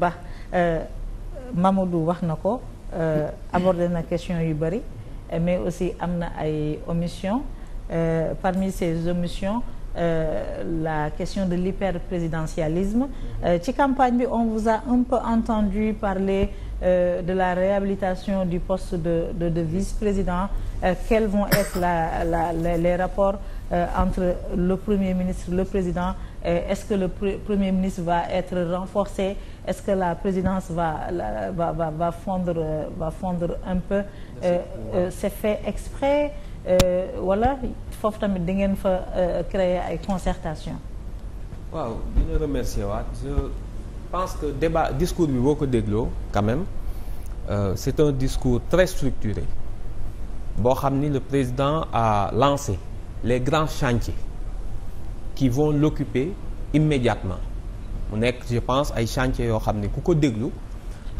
Ba euh, Mamadou wax na ko euh, abordé na question yu bëri mais aussi am na ay omissions euh, parmi ces omissions la question de l'hyperprésidentialisme ci campagne bi on vous a un peu entendu parler de la réhabilitation du poste de de, de vice-président quels vont être la, les, les rapports entre le premier ministre le président est-ce que le premier ministre va être renforcé est-ce que la présidence va fondre va fondre un peu. Euh, euh, c'est fait exprès wala euh, foofu tamit di ngeen fa créer ay concertation waaw di la je pense que débat discours bi boo ko dégloo quand même euh, c'est un discours très structuré boo xam ni le président a lancé les grands chantiers qui von l'occuper immédiatement mu nekk je pense ay chantier yoo xam ne ku ko déglu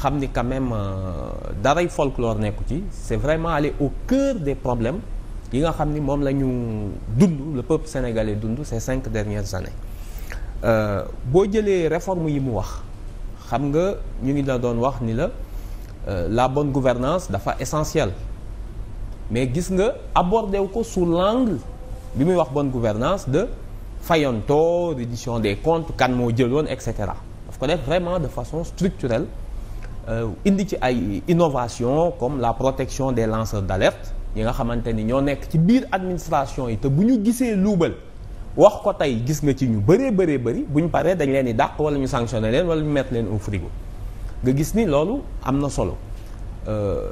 xam ni quand même euh, daray folklore nekku ci c'est vraiment aller au cœur des problèmes yi nga xam ni moom la ñu dund la peuple sénégalais dund ces cinq dernières années euh, boo jëlee réforme yi mu wax xam nga ñu ngi la doon wax ni la euh, la bonne gouvernance dafa essentielle mais gis nga abordé wu ko sous l'angle bi muy wax bonne gouvernance de fayonto reddition des comptes kan moo jëloon et cetera daf ko def vraiment de façon structurelle euh, indi ci ay innovation comme la protection des lanceurs d'alerte ñi nga xamante ni ñoo nekk ci biir administration yi te bu ñu gisee luubal wax ko tey gis nga ci ñu bëree bëree bëri bu paree dañ leen di dàq wala ñu sanctionné leen wala ñu mettre leen u frigo nga gis ni loolu am na solo euh,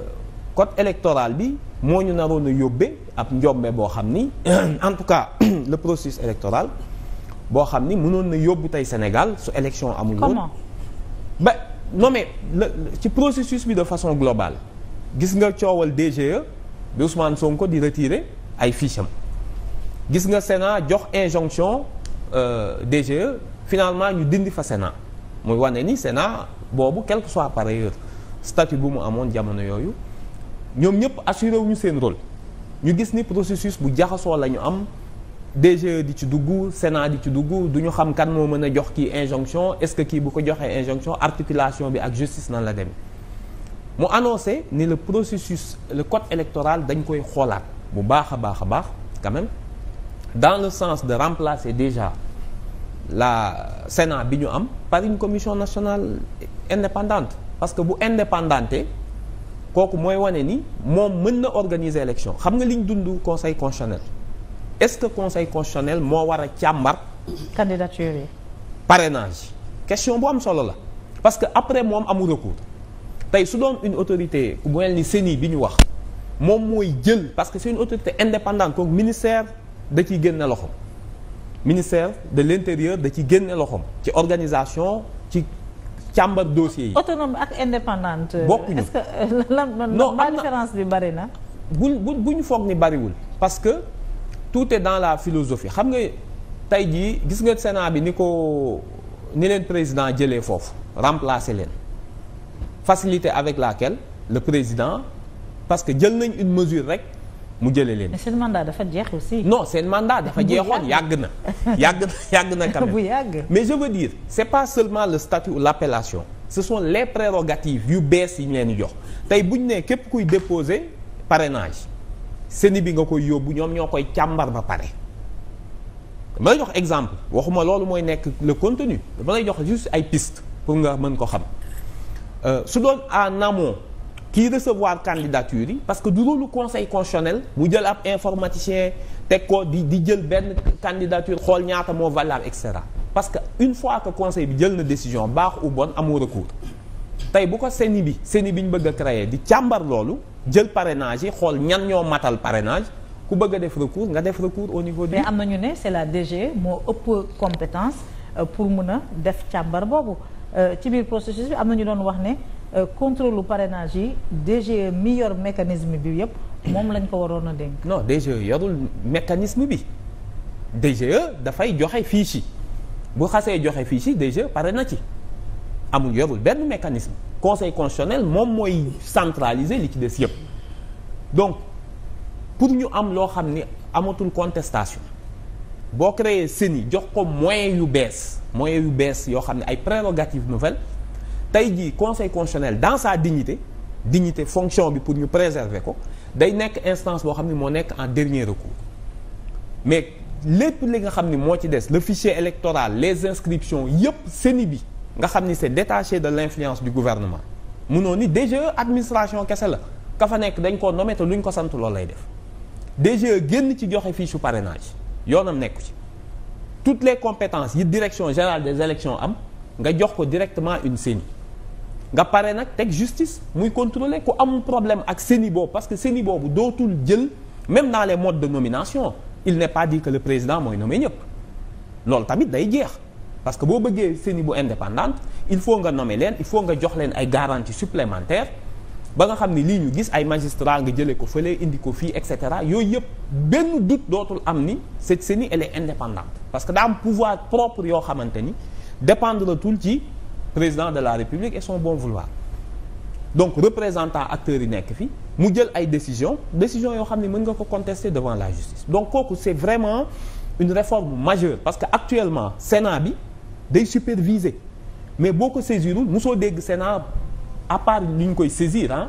code électoral bi moo ñu naroon a yóbbee ab njombe boo xam ni en tout cas le processus électoral boo xam ni mënoon na yóbbu tey Sénégal su élection amul woon ba non mais ci processus bi de façon globale gis nga coowal DGE bi Ousmane Sonko di retirer ay fiches gis nga Sénat jox injonction euh, DGE finalement ñu dindi fa Sénat muy wane ni Sénat boobu quel que soit par ailleurs statut bu mu amoon jamono yooyu ñoom ñëpp assuré wuñu seen rôle ñu gis ni processus bu jaxasoo la ñu am DGE di ci dugg Sénat di ci dugg du ñu xam kan moo mën a jox kii injonction est-ce que kii bu ko joxee injonction articulation bi ak justice na la dem mu annoncé ni le processus le code électoral dañ koy xoolaat bu baax a baax a baax quand dans le sens de remplacer déjà la Sénat bi ñu am par une commission nationale indépendante parce que bu indépendante kooku mooy wane ni moom mën na organiser élection xam nga liñ dund conseil constitutionnel est-ce que conseil constitutionnel moo war a càmbar. candidature yi. parrainage question bu am solo la parce que après moom amul recours tey su doon une autorité bu mel ni CENI bi ñu wax moom mooy jël parce que c'est une autorité indépendante kooku ministère da ciy génne loxom ministère de l'intérieur da ciy génne loxom ci organisation ci. càmbar dossier yi. autonome ak indépendante. bokkuñu est lan la différence bi bari na. bu bu bu ñu foog ni bariwul parce que tout est dans la philosophie xam nga tey jii gis nga Sénat bi ni ko ni leen président jëlee foofu remplacer leen facilité avec la laquelle le président parce que jël nañ une mesure rek. mu jëlee leen. mais seen mandat dafa jeex aussi. no seen mandat dafa jeexoon yàgg na. yàgg na yàgg na quand même bu mais je veux dire c'est pas seulement le statut ou l'appellation ce sont les prérogatives yu bees yi ñu leen jox tey bu ñu nee képp kuy déposer parrainage seni bi nga koy yóbbu ñoom ñoo koy càmbar ba pare. man lay jox exemple waxuma loolu mooy nekk le contenu dama lay jox juste ay pistes pour nga mën ko xam euh, su doon a namo kii recevoir candidature yi parce que du loolu conseil constitutionnel mu jël ab informaticien teg ko di jël benn candidature xool ñaata moo valable et cetera parce que une fois que conseil bi jël na décision baax ou bon amoo recours tey bu ko CENI bi CENI bi ñu bëgg a créer di càmbar loolu jël parrainage yi xool ñan ñoo matal parrainage ku bëgg a def recours nga def recours au niveau du. mais am na ñu ne c'est la DG moo ëpp compétence euh, pour mun a def càmbar boobu euh, ci biir processus bi am na ñu wax ne. Euh, contrôle parrainage yi DGE mi yor mécanisme bi yëpp moom lañ ko waroon a dénk. non DGE yorul mécanisme bi DGE dafay joxe fii si bu xasee joxe fiche yi DGE pare na ci amul yorul benn mécanisme conseil constitutionnel moom mooy centraliser li ci des yëpp donc pour ñu am loo xam ni amatul contestation boo créer CENI jox ko moyen yu bees moyen yu bees yoo xam ne ay prérogatives nouvelles. tey jii conseil constitutionnel dans sa dignité dignité fonction bi pour ñu préserver ko day nekk instance boo xam ne moo nekk en dernier recours mais lépp li nga xam ni moo ci des le fichier électoral les inscriptions yépp CENI bi nga xam ni c'est détaché de l'influence du gouvernement munoo ni DGE administration kese la ka fa nekk dañ koo nommé te ñu ko sant loolu lay def DGE génn ci joxe fiche su parrainage yoonam nekku ci toutes les compétences yi direction générale des élections am nga jox ko directement une CENI nga pare nag teg justice muy contrôler ku am problème ak CENI boobu parce que CENI boobu dootul jël même dans les modes de nomination il n'est pas dit que le président mooy nommé ñëpp loolu tamit day jeex parce que boo bëggee seni bu indépendante il faut nga nome leen il faut nga jox leen ay garanties supplémentaires ba nga xam ni lii ñu gis ay magistrats nga jëlee ko fële indi ko fii et cetera yooyu yëpp benn doute dootul am ni cette CENI elle est indépendante parce que daa am pouvoir propre yoo xamante ni dépendre tul ci. président de la république et son bon vouloir donc représentant acteurs yi nekk fii mu jël ay décision décision yoo xam ne mën nga ko contester devant la justice donc kooku c'est vraiment une réforme majeure parce que actuellement Sénat bi day superviser mais boo ko saisirul mosoo dégg Sénat à part li ñu koy saisir ah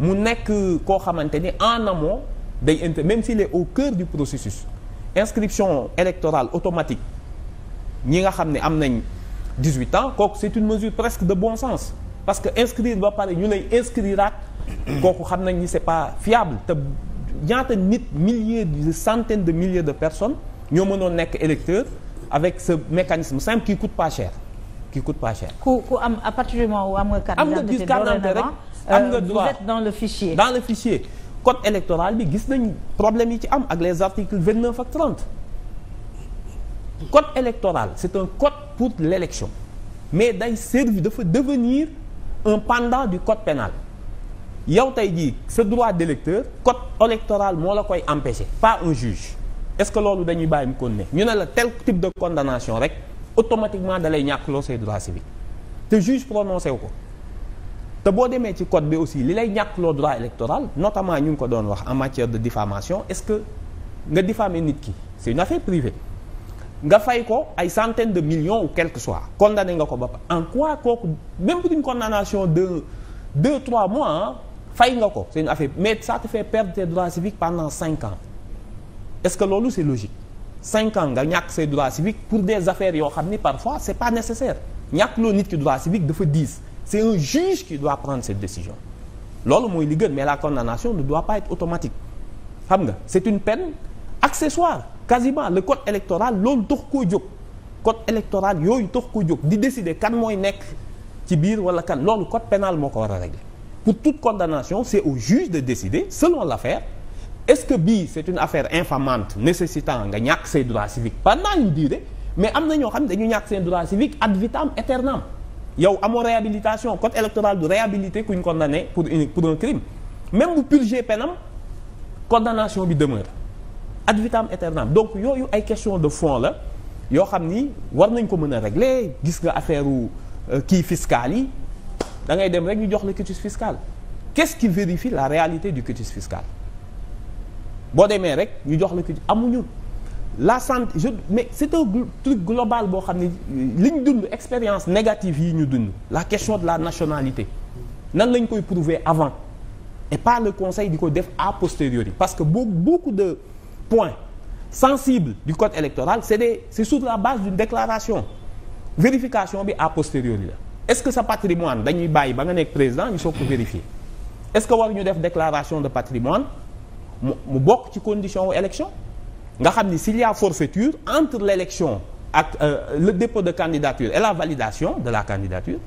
mu nekk koo xamante ni en amont day inter même s'il est au cœur du processus inscription électorale automatique ñi nga xam ne am nañ 18 ans kooku c'est une mesure presque de bon sens parce que inscrire ba pare ñu lay inscriraat kooku xam nañ ni c'est pas fiable te ñaata nit milliers de centaines de milliers de personnes ñoo mënoon nekk électeur avec ce mécanisme simple qui coûte pas cher qui coûte pas cher. ku ku am à partir du moment où am nga carte d'identité rek euh, am nga droit vous êtes dans le fichier. dans le fichier code électoral bi gis nañ problème yi ci am ak les articles 29 ak 30. code électoral c'est un code pour l'élection mais day servir dafa devenir un pendant du code pénal yow tey jii sa droit d'électeur code électoral moo la koy empêcher pas un juge est-ce que loolu dañuy bàyyi mu kon ne ñu ne la tel type de condamnation rek automatiquement dalay ñàkkloo say droit civique te juge prononcé wu ko te boo demee ci code bi aussi li lay ñàkkloo droit électoral notamment ñu ngi ko doon wax en matière de diffamation est-ce que nga diffamer nit ki c'est une affaire nga fay ko ay centaines de million ou quelque soit condamné nga ko ba en quoi kooku même pour une condamnation de deux trois mois fay nga ko se une affaire mais ça te fait perdre tes droits civiques pendant cinq ans est-ce que loolu c'est logique cinq ans nga ñàkk say droits civiques pour des affaires yoo xam ni parfois c'est pas nécessaire ñàkk loo nit ki droit civique dafa diis c'est un juge qui doit prendre cette décision loolu mooy li gën mais la condamnation ne doit pas xam nga c'est une peine accessoire quasiment le code électoral loolu tax koo jóg code électoral yooyu tax koo jóg di décider kan mooy nekk ci biir wala kan loolu code pénal moo ko war a régler pour toute condamnation c'est au juge de décider selon l'affaire est-ce que bii c'est une affaire infamante nécessitant nga ñàkk say droits civiques pendant une durée mais am na ñoo xam ne dañu ñàkk seen droits civiques ad vitam aeternam yow amoo réhabilitation code électoral du réhabilité kuñ condamné pour une pour un crime même bu purger penam condamnation bi demeure ad vitam aeternam donc yooyu ay question de fond la yoo xam ni war nañ ko mën a régler gis nga affaire euh, kii fiscale yi da ngay dem rek ñu jox la quitus fiscal qu'est-ce qui vérifie la réalité du quitus fiscal boo demee rek ñu jox la quitus amuñu la santé je mais c'est un global boo xam ne li ñu dund expérience négative yi ñu dund la question de la nationalité nan lañ koy prouver avant et pas le conseil di ko def a posteriori parce que beaucoup point sensible du code électoral c'est des c'est sur la base d'une déclaration vérification bi a posteriori la est-ce que sa patrimoine dañuy bàyyi ba nga nekk président ñu soog ko vérifier est-ce que war ñu def déclaration de patrimoine m mu bokk ci condition wu nga xam ni s'il y a forfaiture entre l'élection ak euh, le dépôt de candidature et la validation de la candidature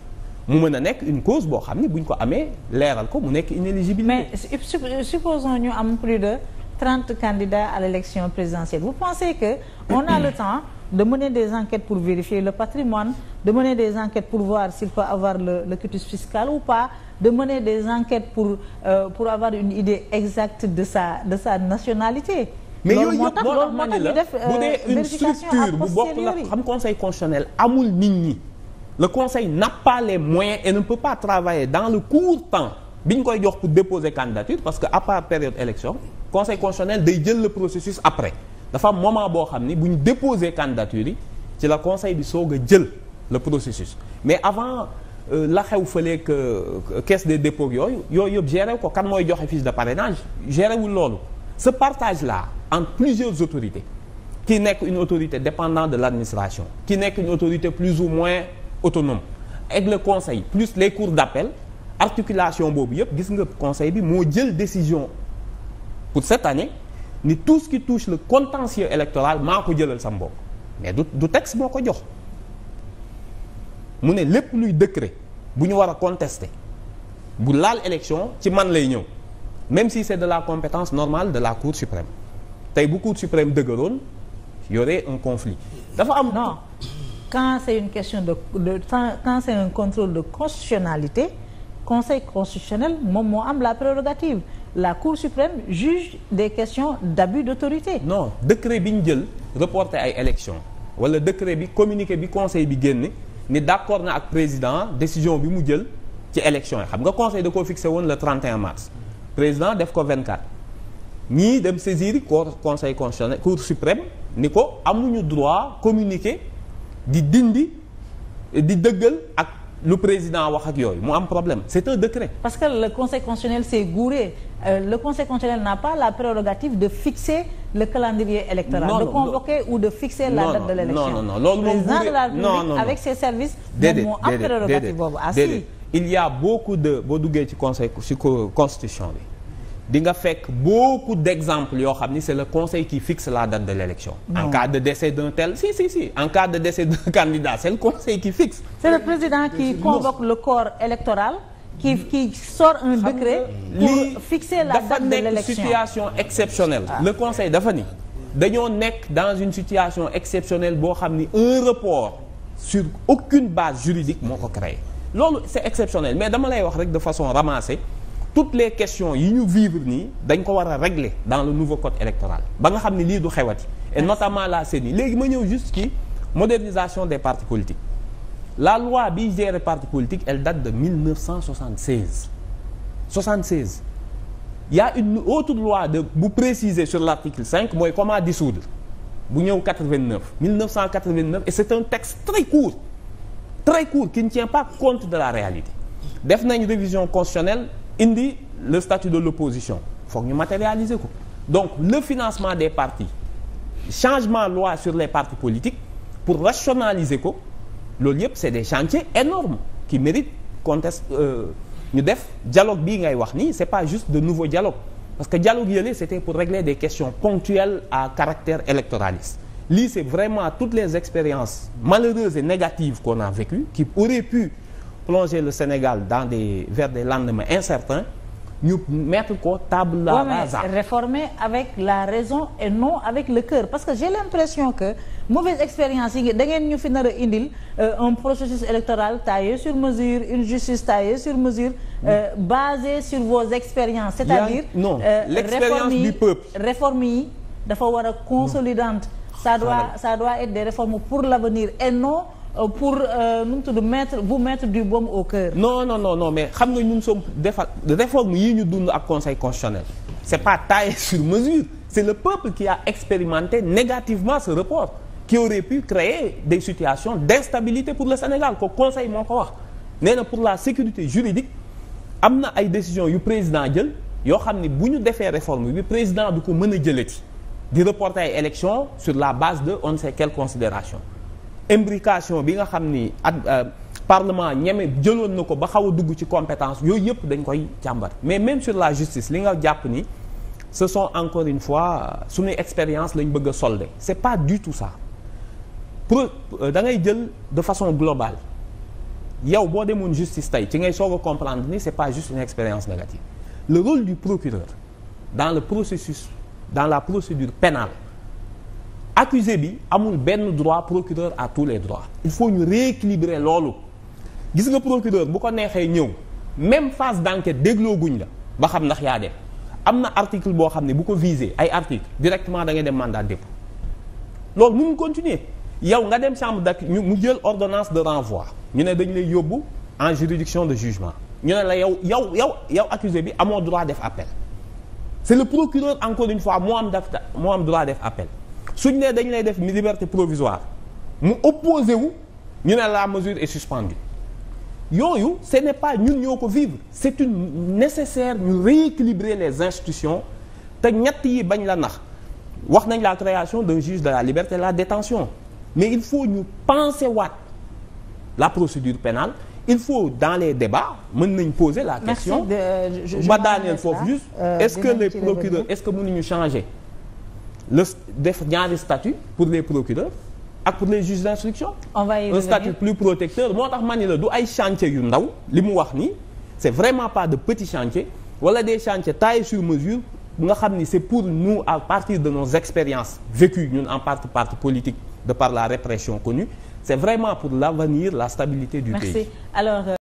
mu mën a nekk une cause boo xam ni buñ ko amee leeral ko mu nekk inéligibilité mais supposons ñu am plus de 30 candidats à l'élection présidentielle vous pensez que on a le temps de mener des enquêtes pour vérifier le patrimoine de mener des enquêtes pour voir s'il peut avoir le, le quitus fiscal ou pas de mener des enquêtes pour euh, avoir une idée exacte de sa de sa nationalité mais yooyu yëpp moo tax ma ni la a dee une xam conseil constitutionnel amul nit ñi le conseil n'a pas les moyens et ne peut pas travailler dans le court temps koy jox pour déposer parce que à part période élection conseil constitutionnel day jël le processus après dafa am moment boo xam ni bu ñu déposer candidature yi ci la conseil bi soog a jël le processus mais avant euh, la xew fëleeg caisse des dépôts yooyu yooyu yëpp géré ko kan mooy joxe fiche de parrainage géré loolu ce partage là entre plusieurs autorités ki nekk une autorité dépendant de l'administration ki nekk une autorité plus ou moins autonome ak le conseil plus les cours d'appel articulation boobu yëpp gis nga conseil bi moo jël décision pour cette année ni tout ce qui touche le contentieux électoral maa ko jëlal sam bopp mais du du texte moo ko jox mu ne lépp luy décret bu ñu war a contester bu laal élection ci man lay ñëw même si c'est de la compétence normale de la cour suprême tey bu cour suprême dëgëroon y aurait un conflit dafa am non quand c'est une question de de quand c'est un contrôle de constitutionnalité conseil constitutionnel moom moo am la prérogative la cour suprême juge des questions d'abus d'autorité non décret bi ñu jël reporter ay élection wala décret bi communiqué bi conseil bi génn ni d'accord na ak président décision bi mu jël ci élection yi xam nga conseil da koo fixé woon le 31 mars président def ko 24 ñii dem saisir corps conseil constitutionnel cour suprême ni ko amuñu droit communiqué di dindi di dëggal ak lu président wax ak yooyu mu am problème c'est un décret. parce que le conseil constitutionnel s'est gouré euh, le conseil constitutionnel n'a pas la prérogative de fixer le calendrier électoral. Non, de convoquer non, ou de fixer non, la date de l'élection. non non non loolu président de la République avec ses services. déedéet moom am prérogative boobu ah si. il y a de boo duggee ci conseil ci constitution bi. di nga fekk beaucoup d'exemples yoo xam ni c'est le conseil qui fixe la date de l'élection en cas de décès d'un tel si si si en cas de décès d'un candidat c'est le conseil qui fixe c'est le président qui convoque le corps électoral qui sort un décret pour fixer la date de l'élection dafa nekk situation exceptionnelle ah. le conseil dafa ni dañoo nekk dans une situation exceptionnelle boo xam ni un report sur aucune base juridique moo ko créé loolu c'est exceptionnel mais dama lay wax rek de façon ramassée toutes les questions yi ñu vivre nii dañ ko war a régler dans le nouveau code électoral ba nga xam ne lii du xewati et notamment la CENI léegi ma ñëw juste ci modernisation des partis politiques la loi bi gère parti politique elle date de 1976 76 il y a une autre loi de bu préciser sur l'article cinq mooy comment dissoudre bu ñëw 89 1989 et c'est un texte très court très court qui ne tient pas compte de la réalité def nañ révision constitutionnelle indi le statut de l'opposition foog ñu matérialiser ko donc le financement des partis changement loi sur les partis politiques pour rationaliser ko loolu yëpp c'est des chantiers énormes qui méritent conteste euh, ñu def dialogue bii ngay wax nii c'est pas juste de nouveau dialogue parce que dialogue yële c'était pour régler des questions ponctuelles à caractère électoraliste li c'est vraiment toutes les expériences malheureuses et négatives qu'on a vécues plonger le Sénégal dans des vers des lendemains incertains ñu mettre ko table la rasa réformer avec la raison et non avec le cœur parce que j'ai l'impression que mauvaise expérience yi ngi da ngeen ñu fi nar a indil euh, un processus électoral taillé sur mesure une justice taillée sur mesure euh, basée sur vos expériences c'est-à-dire non euh, l'expérience du peuple réforme yi dafa war a consolidante ça ah, ça doit être des réformes pour l'avenir et non Euh, pour euh, nu mu tudd mettre vous mettre du baume au cœur. non non non non mais xam nga ñun sommes defar réforme yi ñu dund ak conseil constitutionnel c'est pas taillé sur mesure c'est le peuple qui a expérimenté négativement ce report qui aurait pu créer des situations d'instabilité pour le Sénégal ko conseil moo ko wax nee na pour la sécurité juridique am na ay décisions yu président jël yoo xam ne bu ñu defee réforme bi président du ko mën a jëlati di reporter ay élections sur la base de on ne sait quelle considération imbrication bi nga xam ni ak euh, parlement ñeme jëloon na ko ba xaw a dugg ci compétence yooyu yëpp dañ koy càmbar mais même sur la justice li nga jàpp ni ce son encore une fois euh, suñuy expérience lañ bëgg a solder c'est pas du tout ça pour euh, da ngay jël de façon globale yow boo demoon justice tey ci ngay soog a comprendre ni c'est pas juste une expérience négative le rôle du procureur dans le processus dans la procédure pénale accusé bi amul benn droit procureur à tous les droits il faut ñu rééquilibrer loolu gis nga procureur bu ko neexee ñëw même phase d'enquête dégloo guñ la ba xam ndax yaa dem am na article boo xam ne bu ko visé ay article directement da ngay dem mandat dépp loolu mun continuer yow nga dem chambre d'acc mu jël ordonnance de renvoi ñu ne dañ lay yóbbu en juridiction de jugement ñu ne la yow yow yow yow accusé bi amoo droit def appel c'est le procureur encore une fois moo am daf moo am droit def appel suñ nee dañ lay def liberté provisoire mu opposé wu ñu ne la mesure est suspendue yooyu ce n'est pas ñu ñoo ko vivre c'est une nécessaire ñu rééquilibrer les institutions te ñett yi bañ la nax wax nañ la création d'un juge de la liberté la détention mais il faut ñu penser waat la procédure pénale il faut dans les débats mun nañ poser la question ba daaneel foofu juste euh, est-ce que les procureurs est-ce que ñu changer le def ñaari statut pour les procureurs ak pour les juges d'instruction on va y revenir un statut plus protecteur moo tax man ni la du ay chantier yu ndaw li mu wax nii c'est vraiment pas de petits chantiers wala des chantiers taillés sur mesure nga xam ni c'est pour nous à partir de nos expériences vécues ñu en partie parti politique de par la répression connue c'est vraiment pour l'avenir la stabilité du Merci. pays euh,